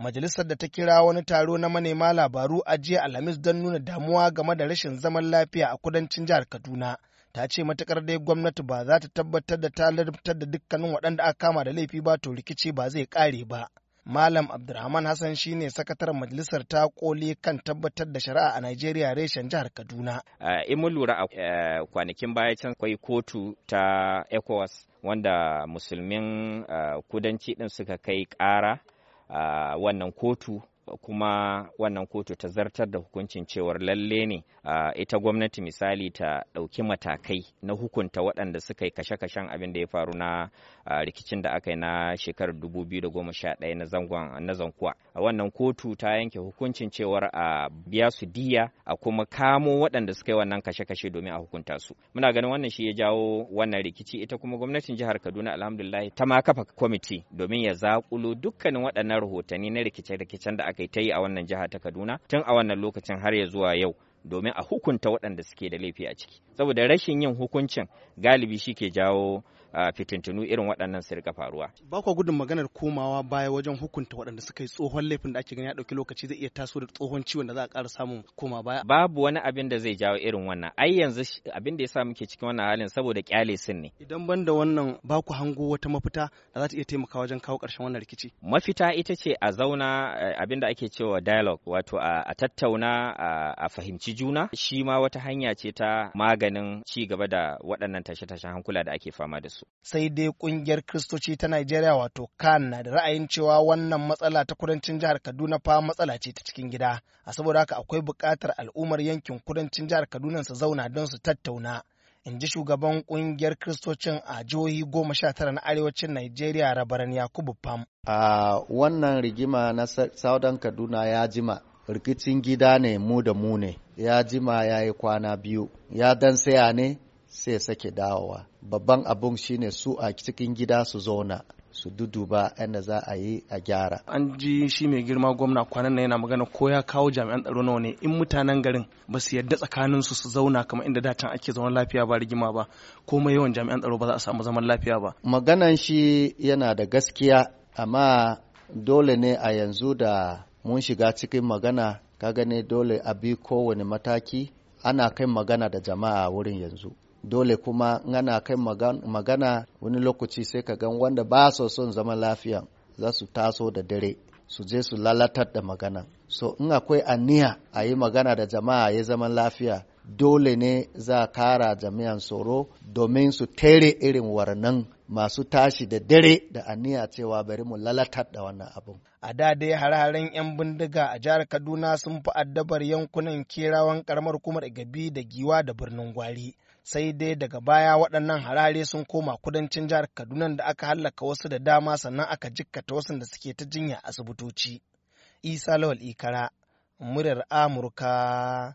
majalisar da ta kira wani taro na manema labaru a jiya alhamis don nuna damuwa game da rashin zaman lafiya a kudancin jihar kaduna ta ce matukar dai gwamnati ba za ta tabbatar da ta ladabtar da dukkanin waɗanda aka kama da laifi ba to rikici ba zai kare ba malam abdulrahman hassan shine sakataren majalisar ta koli kan tabbatar da shari'a a nigeria reshen jihar kaduna in mun lura a eh, kwanakin baya can kwai kotu ta ecowas wanda musulmin eh, kudanci din suka kai ƙara wannan kotu kuma wannan kotu ta zartar da hukuncin cewar lalle ne ita gwamnati misali ta ɗauki matakai na hukunta waɗanda suka yi kashe-kashen abin da ya faru na rikicin da aka yi na shekarar 2011 na zangon na zankuwa wannan kotu ta yanke hukuncin cewar a biya su diya a kuma kamo waɗanda suka yi wannan kashe-kashe domin a hukunta su muna ganin wannan shi ya jawo wannan rikici ita kuma gwamnatin jihar kaduna alhamdulillah ta ma kafa kwamiti domin ya zakulo dukkanin waɗannan rahotanni na rikice-rikicen da aka aka ta a wannan jiha ta Kaduna tun a wannan lokacin har ya zuwa yau domin a hukunta waɗanda suke da laifi a ciki saboda rashin yin hukuncin galibi shi ke jawo ah, fitintunu irin waɗannan su rika faruwa ba kwa gudun maganar komawa baya wajen hukunta waɗanda suka yi tsohon laifin da ake gani ya ɗauki lokaci zai iya taso da tsohon ciwon da za a ƙara samun koma baya babu wani abin da zai jawo irin wannan ai yanzu abin da ya sa muke cikin wannan halin saboda kyale sun ne idan ban da wannan ba ku hango wata mafita da za ta iya taimakawa wajen kawo ƙarshen wannan rikici mafita ita ce a zauna eh, abin da ake cewa dialogue wato a tattauna a fahimci fahimci juna shi ma wata hanya ce ta maganin ci gaba da waɗannan tashe-tashen hankula da ake fama da su. Sai dai ƙungiyar Kristoci ta Najeriya wato kan na da ra'ayin cewa wannan matsala ta kudancin jihar Kaduna fa matsala ce ta cikin gida. A saboda haka akwai buƙatar al'ummar yankin kudancin jihar Kaduna su zauna don su tattauna. in ji shugaban ƙungiyar kristocin a jihohi goma sha tara na arewacin Najeriya rabaran Yakubu Pam. A wannan rigima na Southern Kaduna ya jima rikicin gida ne mu da mu ne. ya jima ya yi kwana biyu ya dan saya ne sai sake dawowa babban abun shine su a cikin gida su zauna su duduba yadda za a yi a gyara. An ji shi mai girma gwamna kwanan nan yana magana ko ya kawo jami'an tsaro nawa ne in mutanen garin ba su yadda tsakanin su su zauna kamar inda datan ake zaman lafiya ba rigima ba komai yawan jami'an tsaro ba za a samu zaman lafiya ba. Maganan shi yana da gaskiya amma dole ne a yanzu da mun shiga cikin magana ka gane dole a bi kowane mataki ana kai magana da jama'a wurin yanzu dole kuma ana kai magana wani lokaci sai ka gan wanda ba su son zaman lafiya za su taso da dare su je su lalatar da magana so in akwai aniya a yi magana da jama'a ya zaman lafiya dole ne za a kara jami'an tsoro domin su tere irin warnan masu tashi da dare da aniya cewa bari mu lalatar da wannan abin. A da dai hare-haren 'yan bindiga a jihar Kaduna sun fi addabar yankunan kerawan karamar kumar gabi da giwa da birnin gwari. Sai dai daga baya waɗannan harare sun koma kudancin jihar Kaduna da aka hallaka wasu da dama sannan aka jikkata wasu da suke ta jinya asibitoci. Isa Lawal Ikara, muryar Amurka